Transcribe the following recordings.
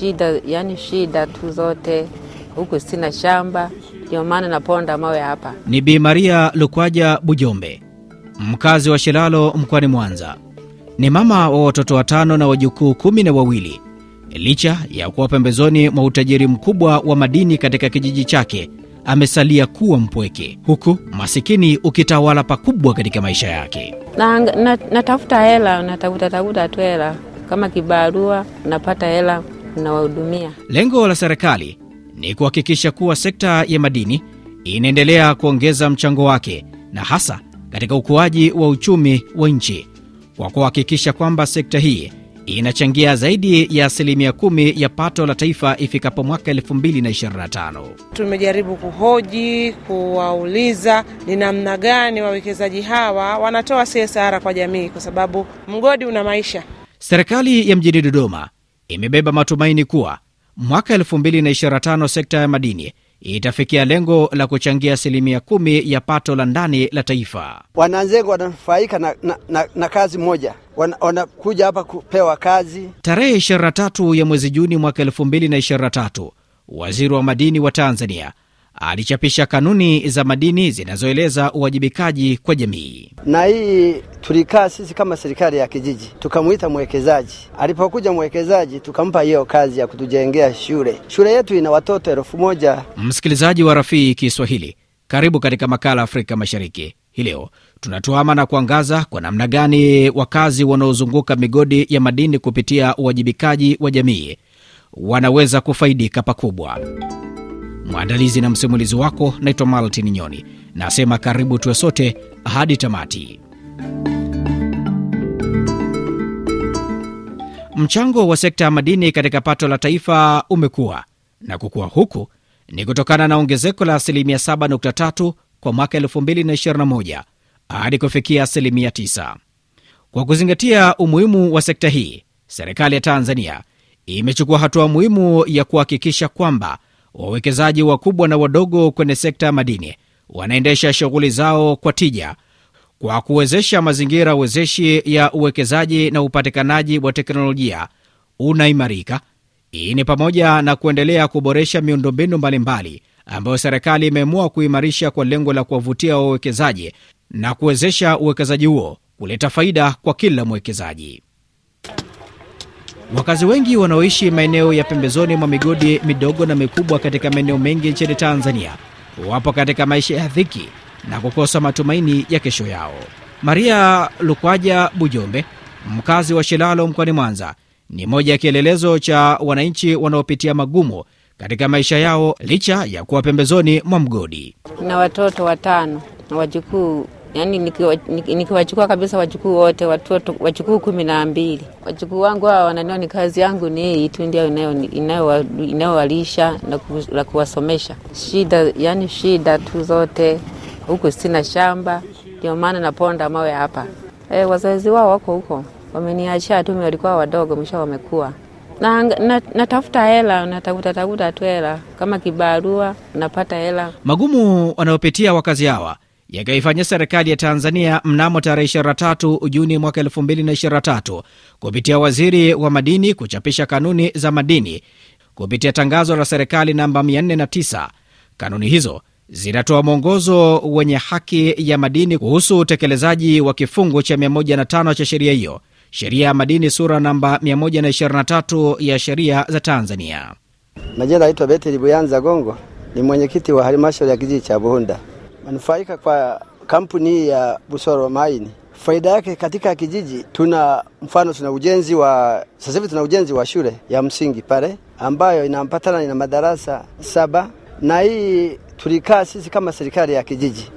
Shida yani shida tu zote huku, sina shamba, ndio maana naponda mawe hapa. Ni Bi Maria Lukwaja Bujombe, mkazi wa Shilalo mkoani Mwanza. Ni mama wa watoto watano na wajukuu kumi na wawili. Licha ya kuwa pembezoni mwa utajiri mkubwa wa madini katika kijiji chake, amesalia kuwa mpweke, huku masikini ukitawala pakubwa katika maisha yake. Natafuta na, na hela natafuta tafuta tu hela kama kibarua, napata hela nawahudumia. Lengo la serikali ni kuhakikisha kuwa sekta ya madini inaendelea kuongeza mchango wake na hasa katika ukuaji wa uchumi wa nchi kwa kuhakikisha kwamba sekta hii inachangia zaidi ya asilimia kumi ya pato la taifa ifikapo mwaka 2025. Tumejaribu kuhoji, kuwauliza ni namna gani wawekezaji hawa wanatoa CSR kwa jamii, kwa sababu mgodi una maisha. Serikali ya mjini Dodoma imebeba matumaini kuwa mwaka 2025 sekta ya madini itafikia lengo la kuchangia asilimia kumi ya pato la ndani la taifa. Wananzengo wananufaika na, na, na, na kazi moja wanakuja hapa kupewa kazi. Tarehe 23 ya mwezi Juni mwaka 2023 waziri wa madini wa Tanzania alichapisha kanuni za madini zinazoeleza uwajibikaji kwa jamii. Na hii tulikaa sisi kama serikali ya kijiji, tukamwita mwekezaji. Alipokuja mwekezaji, tukampa hiyo kazi ya kutujengea shule. Shule yetu ina watoto elfu moja. Msikilizaji wa Rafii Kiswahili, karibu katika makala Afrika Mashariki. Hii leo tunatuama na kuangaza kwa namna gani wakazi wanaozunguka migodi ya madini kupitia uwajibikaji wa jamii wanaweza kufaidika pakubwa. Mwandalizi na msimulizi wako naitwa Maltin Nyoni, nasema karibu tuwe sote hadi tamati. Mchango wa sekta ya madini katika pato la taifa umekuwa na kukuwa huku ni kutokana na ongezeko la asilimia 7.3 kwa mwaka 221 hadi kufikia asilimia 9. Kwa kuzingatia umuhimu wa sekta hii, serikali ya Tanzania imechukua hatua muhimu ya kuhakikisha kwamba wawekezaji wakubwa na wadogo kwenye sekta ya madini wanaendesha shughuli zao kwa tija kwa kuwezesha mazingira wezeshi ya uwekezaji na upatikanaji wa teknolojia unaimarika. Hii ni pamoja na kuendelea kuboresha miundombinu mbalimbali ambayo serikali imeamua kuimarisha kwa lengo la kuwavutia wawekezaji na kuwezesha uwekezaji huo kuleta faida kwa kila mwekezaji. Wakazi wengi wanaoishi maeneo ya pembezoni mwa migodi midogo na mikubwa katika maeneo mengi nchini Tanzania wapo katika maisha ya dhiki na kukosa matumaini ya kesho yao. Maria Lukwaja Bujombe, mkazi wa Shilalo mkoani Mwanza, ni moja ya kielelezo cha wananchi wanaopitia magumu katika maisha yao licha ya kuwa pembezoni mwa mgodi. Na watoto watano na wajukuu yani nikiwachukua niki kabisa wachukuu wote watoto wachukuu kumi na mbili wachukuu wangu hawa wananiwa ni kazi yangu ni hii tu ndio inayowalisha na kuwasomesha shida yani shida tu zote huku sina shamba ndio maana naponda mawe hapa e, wazazi wao wako huko wameniachia tu walikuwa wadogo mwisho wamekuwa na, na, natafuta hela natafuta tafuta tu hela kama kibarua napata hela magumu wanayopitia wakazi hawa yakaifanya serikali ya Tanzania mnamo tarehe 23 Juni mwaka 2023 kupitia waziri wa madini kuchapisha kanuni za madini kupitia tangazo la serikali namba 409. Kanuni hizo zinatoa mwongozo wenye haki ya madini kuhusu utekelezaji wa kifungu cha 105 cha sheria hiyo, sheria ya madini sura namba 123 ya sheria za Tanzania. Majina naitwa Beteli Buyanza Gongo, ni mwenyekiti wa halmashauri ya kijiji cha Buhunda manufaika kwa kampuni hii ya Busoro Maini faida yake katika kijiji, tuna mfano, tuna ujenzi wa sasa hivi, tuna ujenzi wa shule ya msingi pale ambayo inampatana ina madarasa saba, na hii tulikaa sisi kama serikali ya kijiji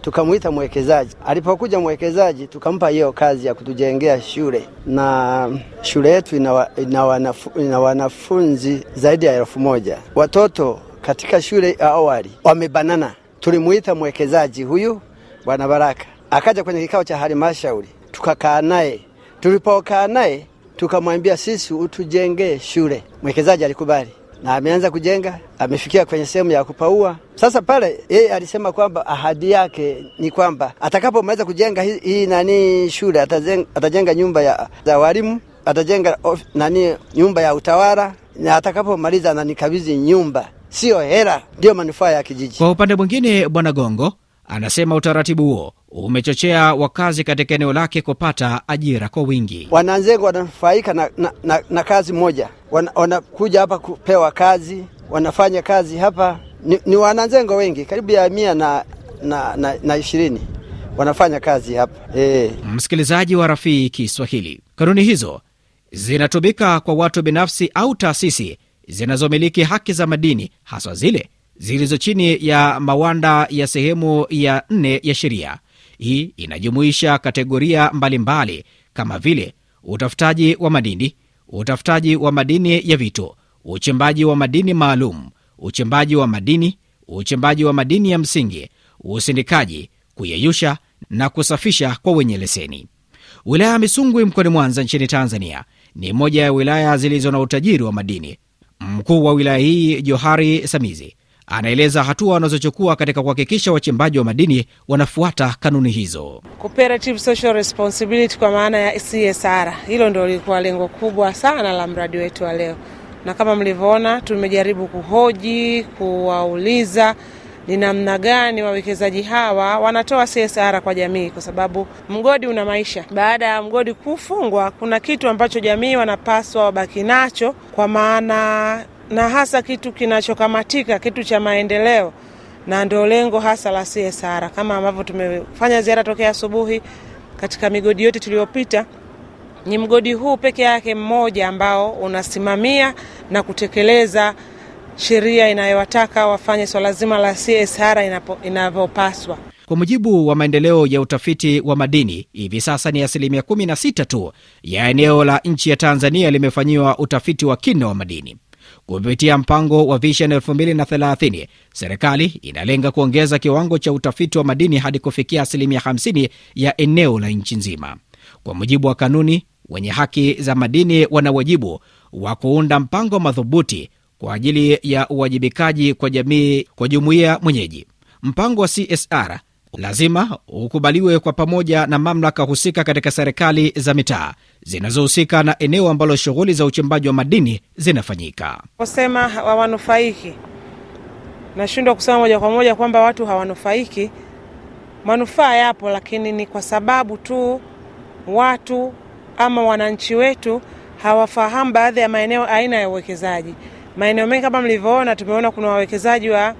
tukamwita mwekezaji. Alipokuja mwekezaji, tukampa hiyo kazi ya kutujengea shule, na shule yetu ina, ina, wanafu, ina wanafunzi zaidi ya elfu moja watoto katika shule awali wamebanana tulimuita mwekezaji huyu Bwana Baraka akaja kwenye kikao cha halmashauri, tukakaa naye. Tulipokaa naye tukamwambia sisi, utujengee shule. Mwekezaji alikubali na ameanza kujenga, amefikia kwenye sehemu ya kupaua. Sasa pale yeye alisema kwamba ahadi yake ni kwamba atakapomaliza kujenga hii, hi nani shule atajenga, atajenga nyumba ya, za walimu atajenga of, nani nyumba ya utawala na atakapomaliza ananikabidhi nyumba siyo hela, ndiyo manufaa ya kijiji. Kwa upande mwingine, Bwana Gongo anasema utaratibu huo umechochea wakazi katika eneo lake kupata ajira kwa wingi. Wananzengo wananufaika na, na, na, na kazi moja, wanakuja hapa kupewa kazi, wanafanya kazi hapa. Ni, ni wananzengo wengi karibu ya mia na, na, na, na ishirini wanafanya kazi hapa e. Msikilizaji wa Rafii Kiswahili, kanuni hizo zinatumika kwa watu binafsi au taasisi zinazomiliki haki za madini haswa zile zilizo chini ya mawanda ya sehemu ya nne ya sheria hii inajumuisha kategoria mbalimbali mbali, kama vile utafutaji wa madini utafutaji wa madini ya vito uchimbaji wa madini maalum uchimbaji wa madini uchimbaji wa madini ya msingi usindikaji kuyeyusha na kusafisha kwa wenye leseni wilaya ya misungwi mkoani mwanza nchini tanzania ni moja ya wilaya zilizo na utajiri wa madini Mkuu wa wilaya hii Johari Samizi anaeleza hatua wanazochukua katika kuhakikisha wachimbaji wa madini wanafuata kanuni hizo. Cooperative Social Responsibility kwa maana ya CSR, hilo ndio lilikuwa lengo kubwa sana la mradi wetu wa leo, na kama mlivyoona tumejaribu kuhoji, kuwauliza ni namna gani wawekezaji hawa wanatoa CSR kwa jamii, kwa sababu mgodi una maisha. Baada ya mgodi kufungwa, kuna kitu ambacho jamii wanapaswa wabaki nacho, kwa maana na hasa kitu kinachokamatika, kitu cha maendeleo, na ndio lengo hasa la CSR, kama ambavyo tumefanya ziara tokea asubuhi katika migodi yote tuliyopita ni mgodi huu peke yake mmoja ambao unasimamia na kutekeleza sheria inayowataka wafanye swala zima la CSR inavyopaswa. Kwa mujibu wa maendeleo ya utafiti wa madini, hivi sasa ni asilimia 16 tu ya eneo la nchi ya Tanzania limefanyiwa utafiti wa kina wa madini. Kupitia mpango wa Vision 2030 serikali inalenga kuongeza kiwango cha utafiti wa madini hadi kufikia asilimia 50 ya eneo la nchi nzima. Kwa mujibu wa kanuni, wenye haki za madini wana wajibu wa kuunda mpango madhubuti kwa ajili ya uwajibikaji kwa jamii kwa jumuiya mwenyeji. Mpango wa CSR lazima ukubaliwe kwa pamoja na mamlaka husika katika serikali za mitaa zinazohusika na eneo ambalo shughuli za uchimbaji wa madini zinafanyika. Kusema hawanufaiki, nashindwa kusema moja kwa moja kwamba watu hawanufaiki. Manufaa yapo, lakini ni kwa sababu tu watu ama wananchi wetu hawafahamu baadhi ya maeneo aina ya uwekezaji maeneo mengi kama mlivyoona, tumeona kuna wawekezaji wa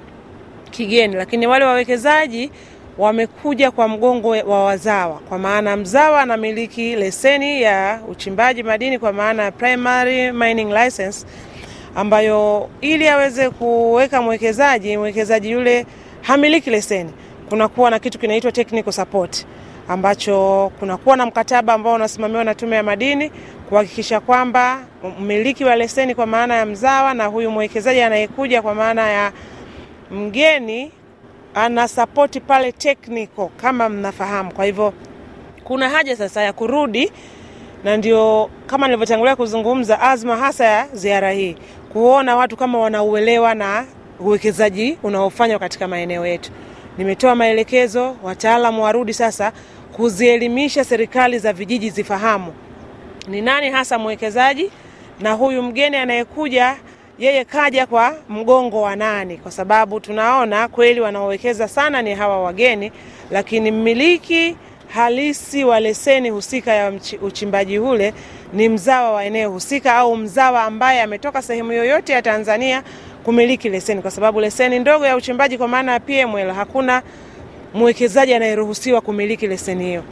kigeni, lakini wale wawekezaji wamekuja kwa mgongo wa wazawa, kwa maana mzawa anamiliki leseni ya uchimbaji madini kwa maana primary mining license, ambayo ili aweze kuweka mwekezaji, mwekezaji yule hamiliki leseni, kunakuwa na kitu kinaitwa technical support ambacho kunakuwa na mkataba ambao unasimamiwa na Tume ya Madini kuhakikisha kwamba mmiliki wa leseni kwa maana ya mzawa na huyu mwekezaji anayekuja kwa maana ya mgeni ana sapoti pale technical kama mnafahamu. Kwa hivyo kuna haja sasa ya kurudi, na ndio kama nilivyotangulia kuzungumza azma hasa ya ziara hii, kuona watu kama wanauelewa na uwekezaji unaofanywa katika maeneo yetu. Nimetoa maelekezo wataalamu warudi sasa kuzielimisha serikali za vijiji zifahamu ni nani hasa mwekezaji na huyu mgeni anayekuja yeye kaja kwa mgongo wa nani, kwa sababu tunaona kweli wanaowekeza sana ni hawa wageni, lakini mmiliki halisi wa leseni husika ya uchimbaji ule ni mzawa wa eneo husika au mzawa ambaye ametoka sehemu yoyote ya Tanzania kumiliki leseni, kwa sababu leseni ndogo ya uchimbaji kwa maana ya PML hakuna mwekezaji anayeruhusiwa kumiliki leseni hiyo.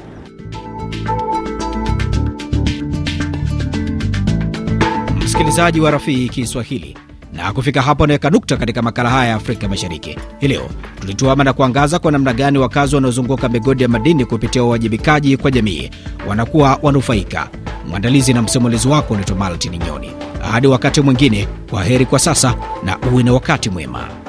msikilizaji wa Rafii Kiswahili, na kufika hapo naweka nukta katika makala haya ya Afrika Mashariki hii leo. Tulituama na kuangaza kwa namna gani wakazi wanaozunguka migodi ya madini kupitia uwajibikaji kwa jamii wanakuwa wanufaika. Mwandalizi na msimulizi wako unaitwa Maltini Nyoni. Hadi wakati mwingine, kwa heri kwa sasa na uwe na wakati mwema.